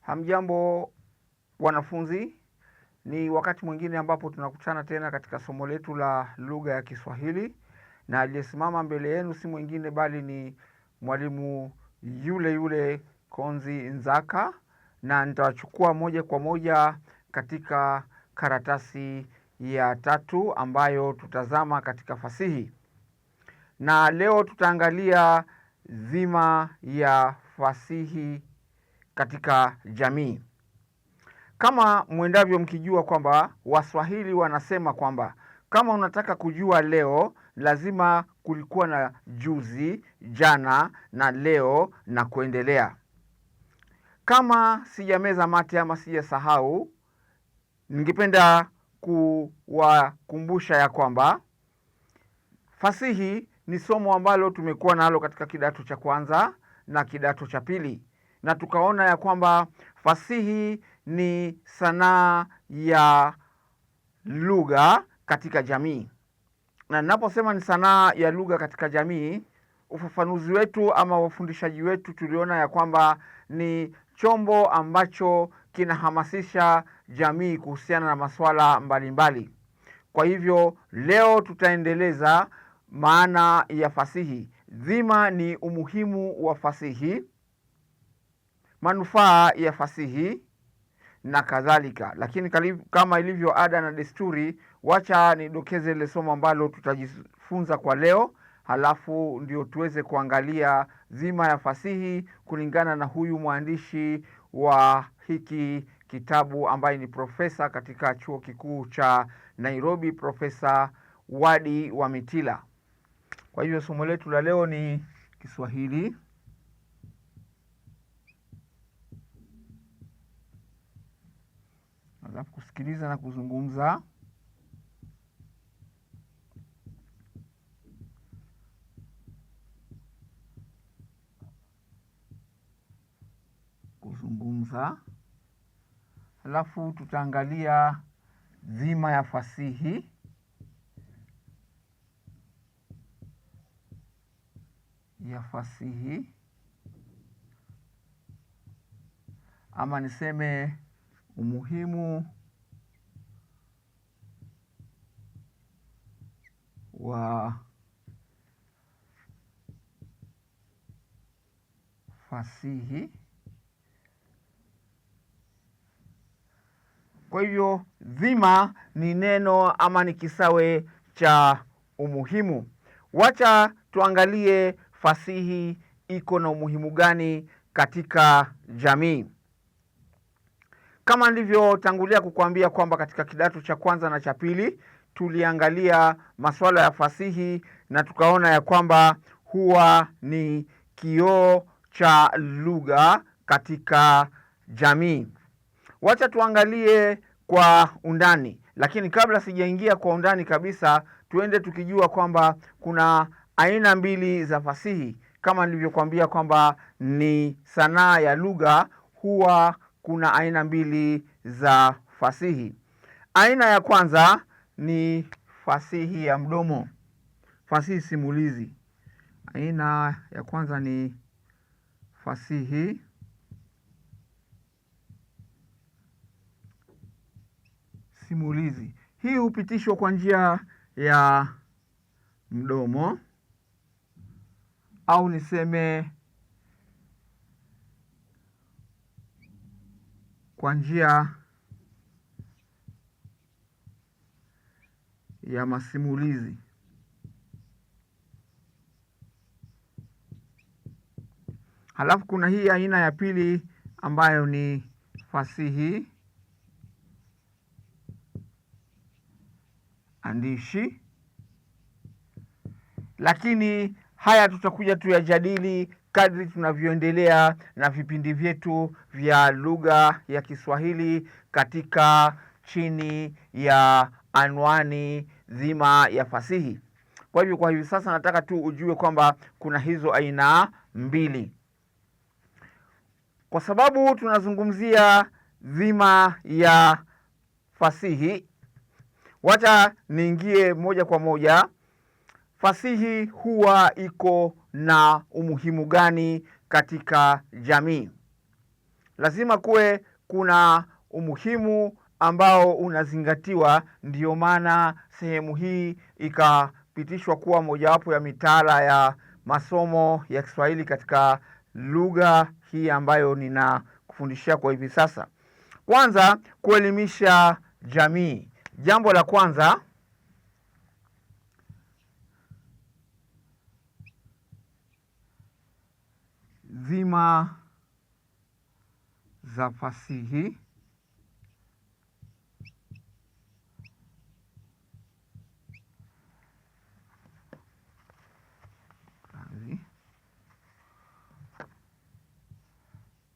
Hamjambo wanafunzi, ni wakati mwingine ambapo tunakutana tena katika somo letu la lugha ya Kiswahili, na aliyesimama mbele yenu si mwingine bali ni mwalimu yule yule Konzi Nzaka, na nitawachukua moja kwa moja katika karatasi ya tatu ambayo tutazama katika fasihi, na leo tutaangalia dhima ya fasihi katika jamii. Kama mwendavyo mkijua kwamba Waswahili wanasema kwamba kama unataka kujua leo, lazima kulikuwa na juzi, jana na leo na kuendelea. Kama sijameza mate ama sijasahau, ningependa kuwakumbusha ya kwamba fasihi ni somo ambalo tumekuwa nalo katika kidato cha kwanza na kidato cha pili, na tukaona ya kwamba fasihi ni sanaa ya lugha katika jamii. Na ninaposema ni sanaa ya lugha katika jamii, ufafanuzi wetu ama wafundishaji wetu tuliona ya kwamba ni chombo ambacho kinahamasisha jamii kuhusiana na masuala mbalimbali. Kwa hivyo leo tutaendeleza maana ya fasihi dhima ni umuhimu wa fasihi, manufaa ya fasihi na kadhalika. Lakini kama ilivyo ada na desturi, wacha nidokeze lile somo ambalo tutajifunza kwa leo, halafu ndio tuweze kuangalia dhima ya fasihi kulingana na huyu mwandishi wa hiki kitabu ambaye ni profesa katika chuo kikuu cha Nairobi, Profesa Wadi wa mitila kwa hiyo somo letu la leo ni Kiswahili. Alafu kusikiliza na kuzungumza. Kuzungumza. Alafu tutaangalia dhima ya fasihi. fasihi ama niseme umuhimu wa fasihi. Kwa hivyo dhima ni neno ama ni kisawe cha umuhimu. Wacha tuangalie fasihi iko na umuhimu gani katika jamii. Kama nilivyotangulia kukuambia kwamba katika kidato cha kwanza na cha pili tuliangalia masuala ya fasihi na tukaona ya kwamba huwa ni kioo cha lugha katika jamii. Wacha tuangalie kwa undani, lakini kabla sijaingia kwa undani kabisa, tuende tukijua kwamba kuna aina mbili za fasihi kama nilivyokuambia kwamba ni sanaa ya lugha, huwa kuna aina mbili za fasihi. Aina ya kwanza ni fasihi ya mdomo, fasihi simulizi. Aina ya kwanza ni fasihi simulizi. Hii hupitishwa kwa njia ya mdomo au niseme kwa njia ya masimulizi. Halafu kuna hii aina ya pili ambayo ni fasihi andishi, lakini Haya tutakuja tuyajadili kadri tunavyoendelea na vipindi vyetu vya lugha ya Kiswahili katika chini ya anwani dhima ya fasihi. Kwa hivyo, kwa hivi sasa nataka tu ujue kwamba kuna hizo aina mbili, kwa sababu tunazungumzia dhima ya fasihi. Wacha niingie moja kwa moja fasihi huwa iko na umuhimu gani katika jamii? Lazima kuwe kuna umuhimu ambao unazingatiwa, ndiyo maana sehemu hii ikapitishwa kuwa mojawapo ya mitaala ya masomo ya Kiswahili katika lugha hii ambayo ninakufundishia kwa hivi sasa. Kwanza, kuelimisha jamii. Jambo la kwanza zima za fasihi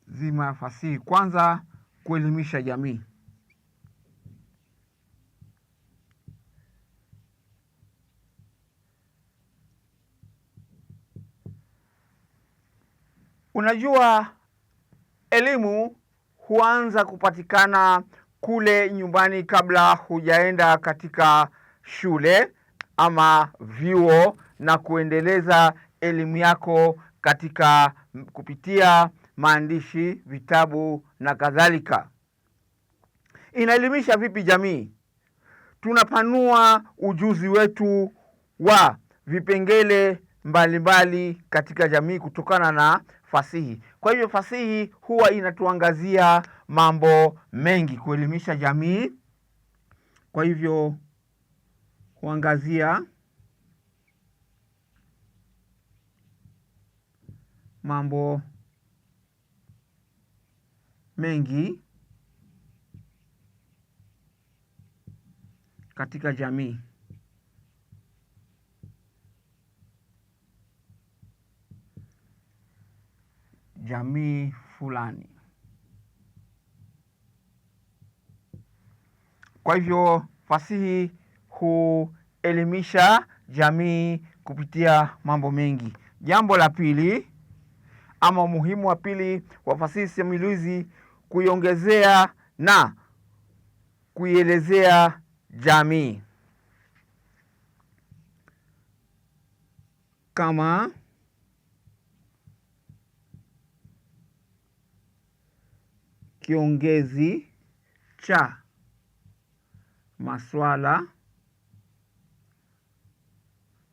zima ya fasihi, kwanza kuelimisha jamii. Unajua, elimu huanza kupatikana kule nyumbani kabla hujaenda katika shule ama vyuo na kuendeleza elimu yako katika kupitia maandishi, vitabu na kadhalika. Inaelimisha vipi jamii? Tunapanua ujuzi wetu wa vipengele mbalimbali mbali katika jamii kutokana na fasihi. Kwa hivyo fasihi huwa inatuangazia mambo mengi, kuelimisha jamii. Kwa hivyo huangazia mambo mengi katika jamii. jamii fulani. Kwa hivyo fasihi huelimisha jamii kupitia mambo mengi. Jambo la pili ama umuhimu wa pili wa fasihi simulizi, kuiongezea na kuielezea jamii kama kiongezi cha maswala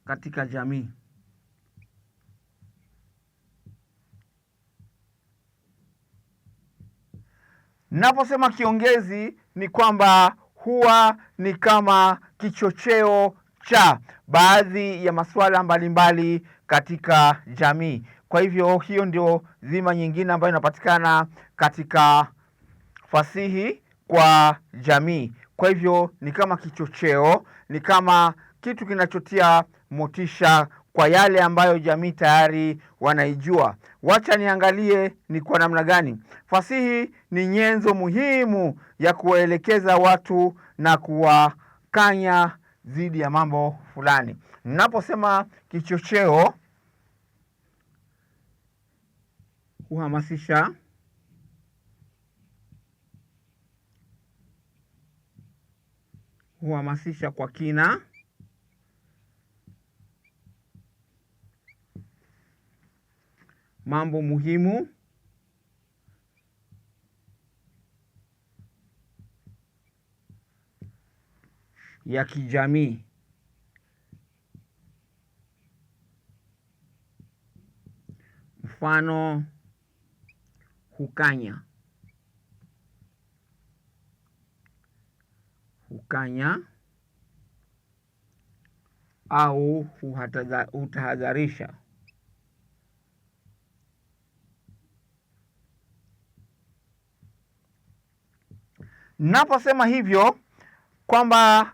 katika jamii. Naposema kiongezi ni kwamba huwa ni kama kichocheo cha baadhi ya masuala mbalimbali katika jamii. Kwa hivyo hiyo ndio dhima nyingine ambayo inapatikana katika fasihi kwa jamii. Kwa hivyo ni kama kichocheo, ni kama kitu kinachotia motisha kwa yale ambayo jamii tayari wanaijua. Wacha niangalie ni kwa namna gani fasihi ni nyenzo muhimu ya kuwaelekeza watu na kuwakanya dhidi ya mambo fulani. Ninaposema kichocheo, huhamasisha huhamasisha kwa kina mambo muhimu ya kijamii mfano hukanya hukanya au hutahadharisha Naposema hivyo kwamba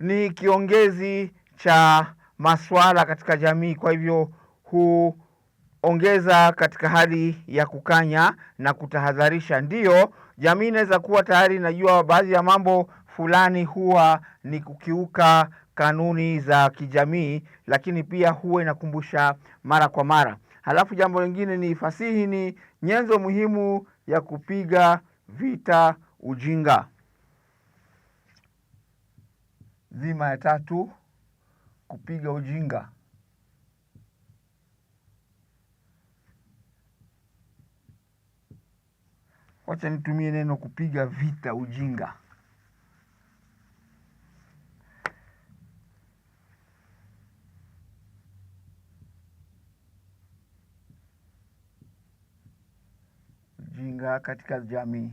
ni kiongezi cha masuala katika jamii, kwa hivyo huongeza katika hali ya kukanya na kutahadharisha. Ndiyo, jamii inaweza kuwa tayari inajua baadhi ya mambo fulani huwa ni kukiuka kanuni za kijamii, lakini pia huwa inakumbusha mara kwa mara. Halafu jambo lingine ni fasihi ni nyenzo muhimu ya kupiga vita ujinga. zima ya tatu, kupiga ujinga. Wacha nitumie neno kupiga vita ujinga. ujinga katika jamii.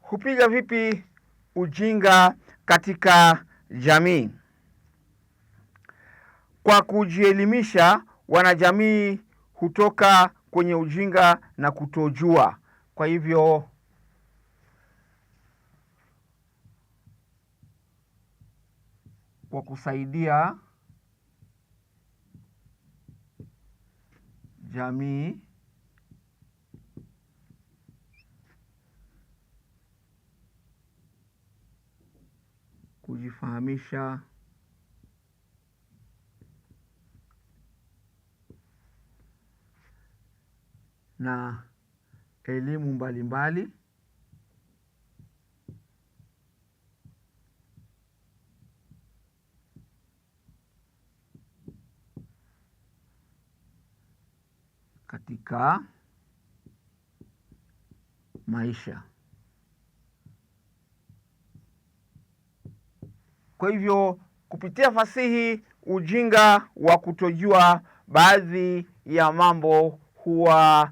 Hupiga vipi ujinga katika jamii? Kwa kujielimisha, wanajamii hutoka kwenye ujinga na kutojua. Kwa hivyo kwa kusaidia jamii kujifahamisha na elimu mbalimbali mbali. katika maisha. Kwa hivyo kupitia fasihi, ujinga wa kutojua baadhi ya mambo huwa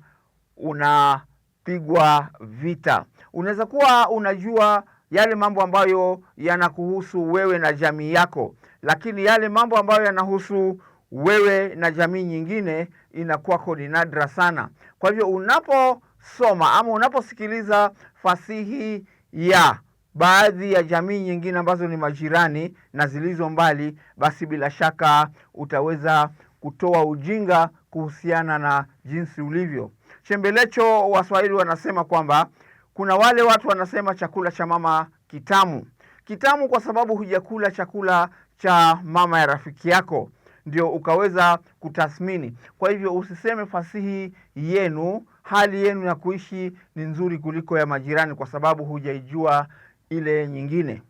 unapigwa vita. Unaweza kuwa unajua yale mambo ambayo yanakuhusu wewe na jamii yako, lakini yale mambo ambayo yanahusu wewe na jamii nyingine inakuwako ni nadra sana. Kwa hivyo unaposoma ama unaposikiliza fasihi ya baadhi ya jamii nyingine ambazo ni majirani na zilizo mbali, basi bila shaka utaweza kutoa ujinga kuhusiana na jinsi ulivyo. Chembelecho Waswahili wanasema kwamba kuna wale watu wanasema chakula cha mama kitamu, kitamu kwa sababu hujakula chakula cha mama ya rafiki yako ndio ukaweza kutathmini. Kwa hivyo usiseme fasihi yenu, hali yenu ya kuishi ni nzuri kuliko ya majirani, kwa sababu hujaijua ile nyingine.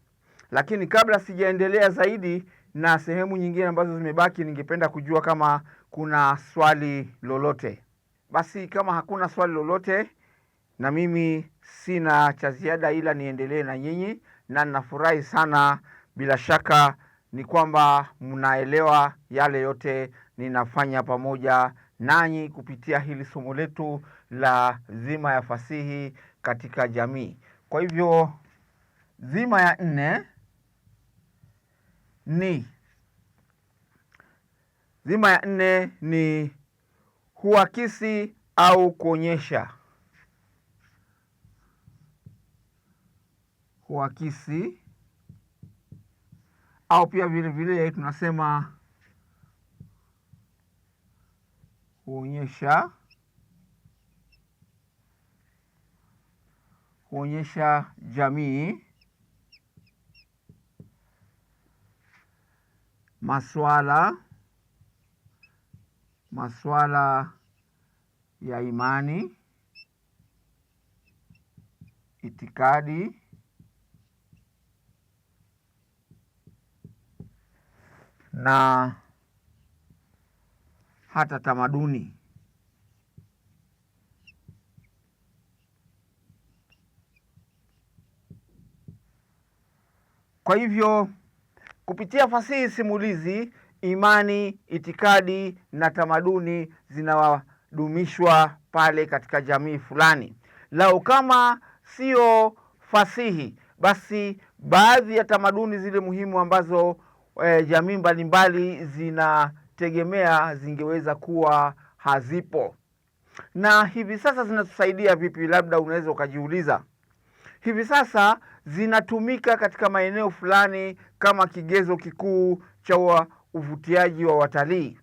Lakini kabla sijaendelea zaidi na sehemu nyingine ambazo zimebaki, ningependa kujua kama kuna swali lolote. Basi kama hakuna swali lolote, na mimi sina cha ziada, ila niendelee na nyinyi, na ninafurahi sana bila shaka ni kwamba mnaelewa yale yote ninafanya pamoja nanyi kupitia hili somo letu la zima ya fasihi katika jamii. Kwa hivyo zima ya nne ni zima ya nne ni huakisi au kuonyesha. Huakisi au pia vile vile tunasema huonyesha huonyesha jamii maswala maswala ya imani, itikadi na hata tamaduni. Kwa hivyo kupitia fasihi simulizi, imani, itikadi na tamaduni zinawadumishwa pale katika jamii fulani. Lau kama sio fasihi, basi baadhi ya tamaduni zile muhimu ambazo e, jamii mbalimbali zinategemea zingeweza kuwa hazipo. Na hivi sasa zinatusaidia vipi? Labda unaweza ukajiuliza, hivi sasa zinatumika katika maeneo fulani kama kigezo kikuu cha uvutiaji wa watalii.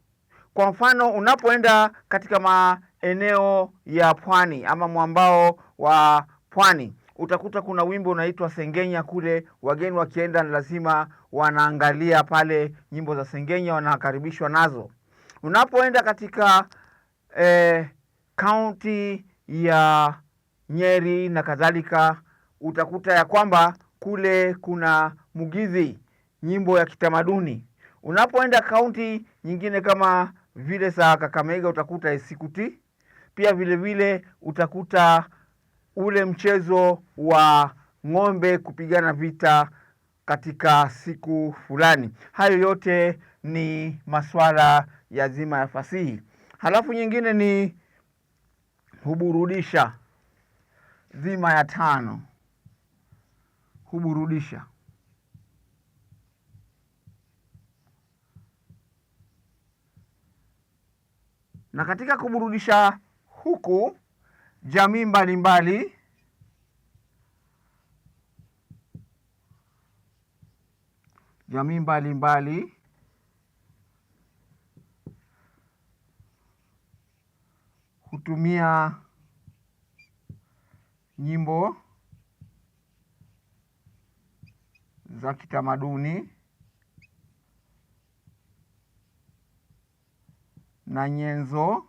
Kwa mfano, unapoenda katika maeneo ya pwani ama mwambao wa pwani, utakuta kuna wimbo unaitwa Sengenya kule, wageni wakienda lazima wanaangalia pale nyimbo za Sengenya, wanakaribishwa nazo. Unapoenda katika eh, kaunti ya Nyeri na kadhalika, utakuta ya kwamba kule kuna Mugithi, nyimbo ya kitamaduni. Unapoenda kaunti nyingine kama vile za Kakamega, utakuta esikuti pia vilevile vile, utakuta ule mchezo wa ng'ombe kupigana vita katika siku fulani. Hayo yote ni masuala ya zima ya fasihi. Halafu nyingine ni huburudisha, zima ya tano, huburudisha na katika kuburudisha huku jamii mbalimbali jamii mbalimbali hutumia nyimbo za kitamaduni na nyenzo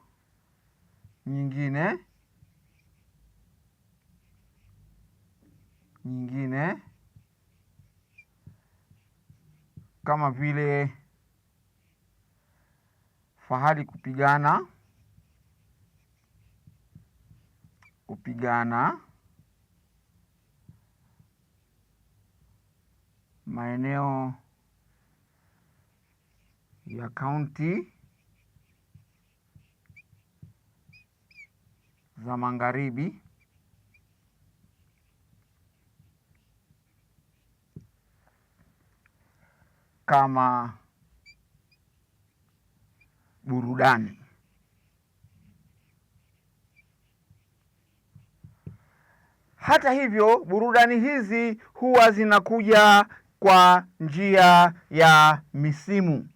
nyingine nyingine kama vile fahali kupigana, kupigana, maeneo ya kaunti za magharibi kama burudani. Hata hivyo, burudani hizi huwa zinakuja kwa njia ya misimu.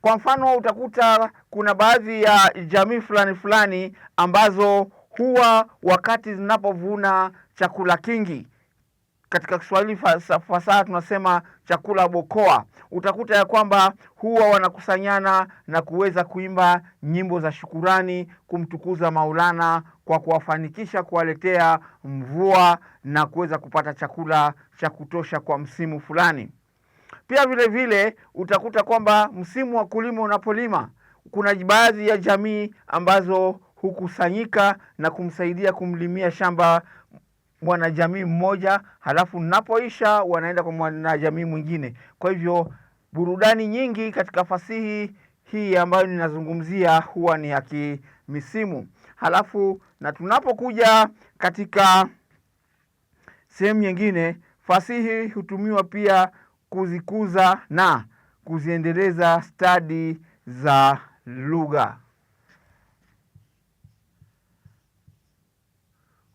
Kwa mfano, utakuta kuna baadhi ya jamii fulani fulani ambazo huwa wakati zinapovuna chakula kingi katika Kiswahili fasaha tunasema chakula bokoa, utakuta ya kwamba huwa wanakusanyana na kuweza kuimba nyimbo za shukurani kumtukuza Maulana kwa kuwafanikisha kuwaletea mvua na kuweza kupata chakula cha kutosha kwa msimu fulani. Pia vile vile utakuta kwamba msimu wa kulima unapolima, kuna baadhi ya jamii ambazo hukusanyika na kumsaidia kumlimia shamba mwanajamii mmoja, halafu napoisha wanaenda kwa mwanajamii mwingine. Kwa hivyo burudani nyingi katika fasihi hii ambayo ninazungumzia huwa ni ya kimisimu. Halafu na tunapokuja katika sehemu nyingine, fasihi hutumiwa pia kuzikuza na kuziendeleza stadi za lugha.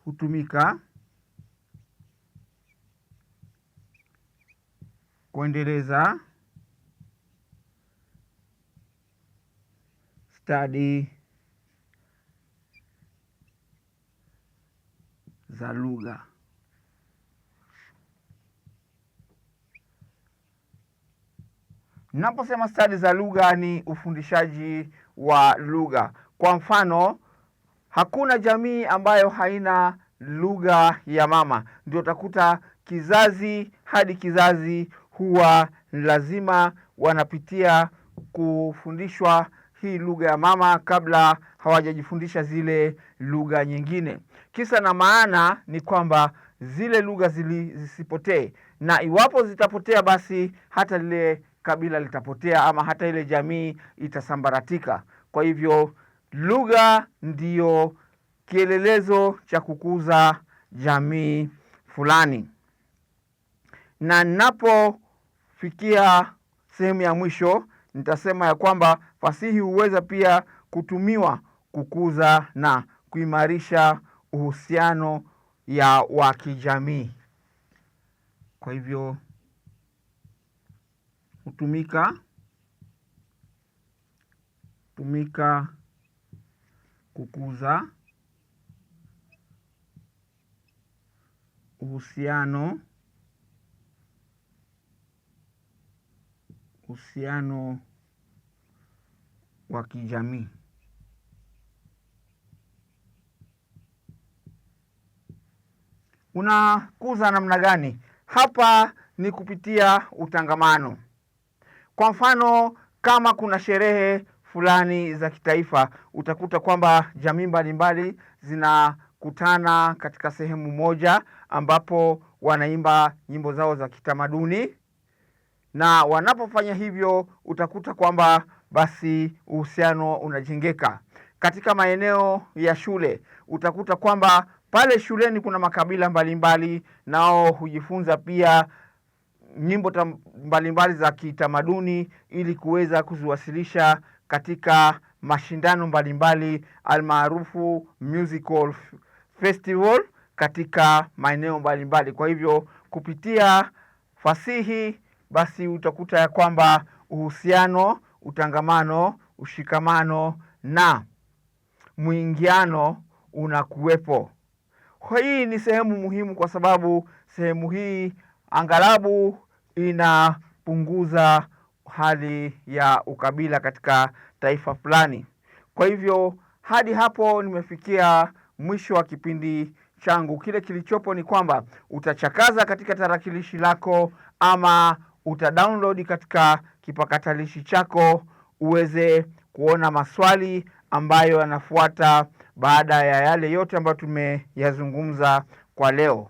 Hutumika kuendeleza stadi za lugha. Naposema stadi za lugha ni ufundishaji wa lugha. Kwa mfano, hakuna jamii ambayo haina lugha ya mama, ndio utakuta kizazi hadi kizazi huwa lazima wanapitia kufundishwa hii lugha ya mama kabla hawajajifundisha zile lugha nyingine. Kisa na maana ni kwamba zile lugha zisipotee, na iwapo zitapotea, basi hata lile kabila litapotea ama hata ile jamii itasambaratika. Kwa hivyo lugha ndiyo kielelezo cha kukuza jamii fulani na napo tunapofikia sehemu ya mwisho, nitasema ya kwamba fasihi huweza pia kutumiwa kukuza na kuimarisha uhusiano ya wa kijamii. Kwa hivyo hutumika tumika kukuza uhusiano uhusiano wa kijamii. Unakuza namna gani? Hapa ni kupitia utangamano. Kwa mfano, kama kuna sherehe fulani za kitaifa, utakuta kwamba jamii mbalimbali zinakutana katika sehemu moja ambapo wanaimba nyimbo zao za kitamaduni na wanapofanya hivyo utakuta kwamba basi uhusiano unajengeka. Katika maeneo ya shule utakuta kwamba pale shuleni kuna makabila mbalimbali mbali, nao hujifunza pia nyimbo mbalimbali za kitamaduni ili kuweza kuziwasilisha katika mashindano mbalimbali almaarufu musical festival katika maeneo mbalimbali. Kwa hivyo kupitia fasihi basi utakuta ya kwamba uhusiano, utangamano, ushikamano na mwingiano unakuwepo. Kwa hii ni sehemu muhimu, kwa sababu sehemu hii angalabu inapunguza hali ya ukabila katika taifa fulani. Kwa hivyo hadi hapo nimefikia mwisho wa kipindi changu. Kile kilichopo ni kwamba utachakaza katika tarakilishi lako ama uta download katika kipakatalishi chako uweze kuona maswali ambayo yanafuata baada ya yale yote ambayo tumeyazungumza kwa leo.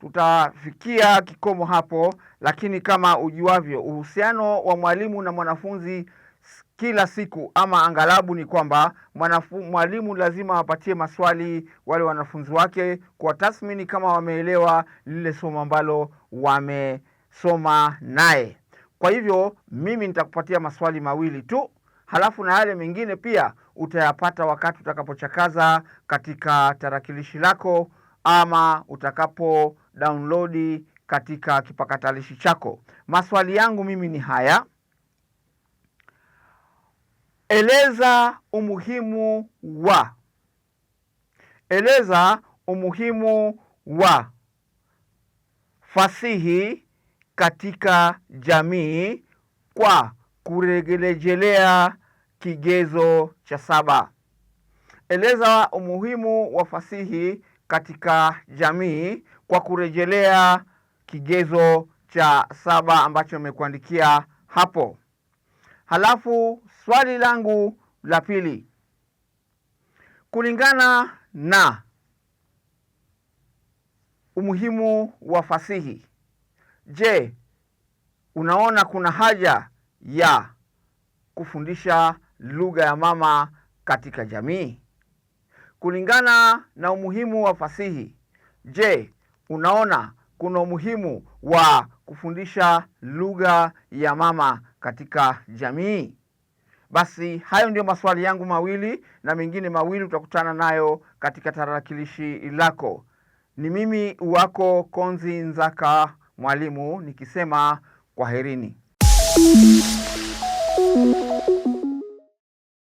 Tutafikia kikomo hapo, lakini kama ujuavyo, uhusiano wa mwalimu na mwanafunzi kila siku ama angalabu ni kwamba mwalimu lazima awapatie maswali wale wanafunzi wake kwa tathmini, kama wameelewa lile somo ambalo wame soma naye. Kwa hivyo mimi nitakupatia maswali mawili tu, halafu na yale mengine pia utayapata wakati utakapochakaza katika tarakilishi lako ama utakapo download katika kipakatalishi chako. Maswali yangu mimi ni haya: eleza umuhimu wa, eleza umuhimu wa fasihi katika jamii kwa kurejelea kigezo cha saba. Eleza umuhimu wa fasihi katika jamii kwa kurejelea kigezo cha saba ambacho nimekuandikia hapo. Halafu swali langu la pili, kulingana na umuhimu wa fasihi Je, unaona kuna haja ya kufundisha lugha ya mama katika jamii kulingana na umuhimu wa fasihi? Je, unaona kuna umuhimu wa kufundisha lugha ya mama katika jamii? Basi hayo ndiyo maswali yangu mawili, na mengine mawili utakutana nayo katika tarakilishi lako. Ni mimi wako Konzi Nzaka mwalimu nikisema kwaherini.